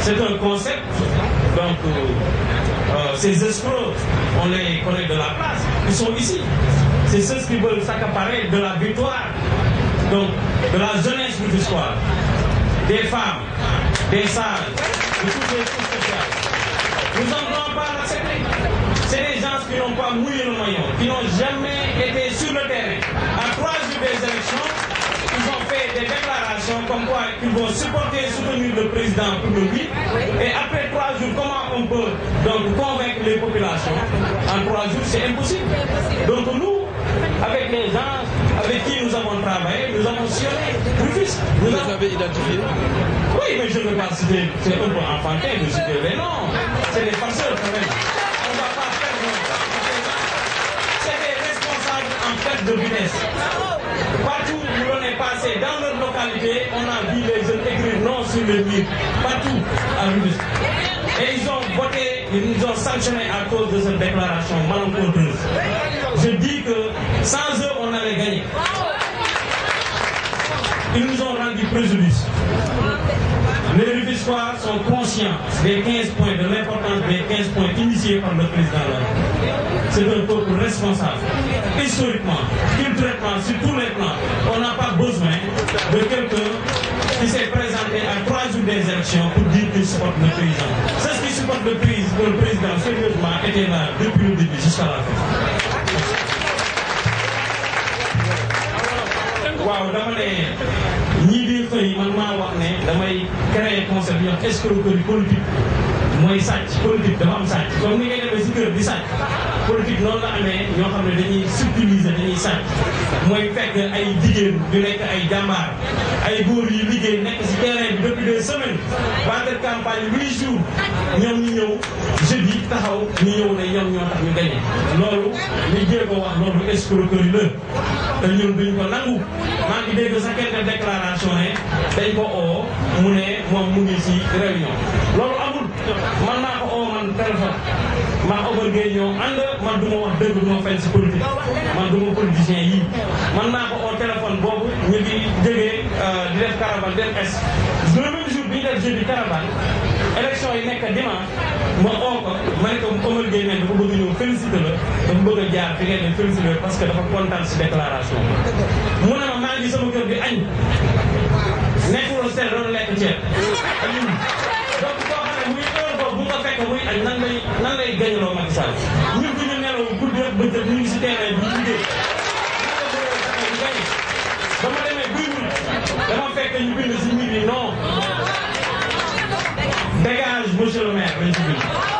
C'est un concept, donc euh, euh, ces escrocs, on les connaît de la place, ils sont ici. C'est ceux qui veulent s'accaparer de la victoire, donc de la jeunesse bourgeoise, des femmes, des sages, de tous les choses sociales. Nous n'en voulons pas l'accepter. C'est des gens qui n'ont pas mouillé le maillon, qui n'ont jamais été sur le terrain. À trois qui vont supporter et soutenir le président Koudoumi. Et après trois jours, comment on peut donc convaincre les populations En trois jours, c'est impossible. Donc nous, avec les gens avec qui nous avons travaillé, nous avons sionné Vous nous avez identifiés Oui, mais je ne veux pas citer, c'est un peu enfantin de citer les noms. C'est des farceurs. de Guinness. Partout où on est passé, dans notre localité, on a vu les jeunes écrire non sur le mur. Partout à Et ils ont voté, ils nous ont sanctionné à cause de cette déclaration malencontreuse. du préjudice. Les réfugiés sont conscients des 15 points, de l'importance des 15 points initiés par le président C'est un peuple responsable. Historiquement, culturellement, sur tous les plans, on n'a pas besoin de quelqu'un qui s'est présenté à trois jours des élections pour dire qu'il supporte le président. C'est ce qui supporte le président, le président sérieusement était là depuis le début jusqu'à la fin. waaw dama ne ñii biir fay man maa wax ne damay créer concept yi wax escroquerie politique mooy sàcc politique dafa am sàcc comme ni ngay demee si kër di sàcc politique noonu la amee ñoo xam ne dañuy subtiliser dañuy sàcc mooy fekk ay jigéen yu nekk ay jàmbaar ay góor yu liggéey nekk si terrain bi depuis des semaines wante campagne huit jours ñoom ñu ñëw jeudi taxaw ñu ñëw ne ñoom ñoo tax ñu gañe loolu li jéego wax loolu escroquerie la te ñun duñ ko nangu maa ngi dégg sa kente déclaration ne dañ ko oo mu ne moom mu ngi si réunion man maa ko oo man téléphone maa Omar Gueye ñoo ànd man du ma wax dëgg du ma si politique man du ma yii man maa ko oo téléphone boobu ñu ngi euh, di def caravane dem bi ñu def jeudi caravane élection yi nekk dimanche ma oo ko ma ne ko dafa bëgg ñëw félicité la dafa bëgg jaar fi ngeen parce que dafa kontaan si déclaration mu ne ma maa ngi sama kër bi añ nekkul seen doon lekk ceeb ko muy ak nan lay nan lay gañaloo Macky Sall ñun bu ñu nelaw guddi ak bëccëg ñu ngi si terrain bi liggéey dama demee buy wut dama fekk ñu bind si mbir yi non dégage monsieur le maire lañ si bind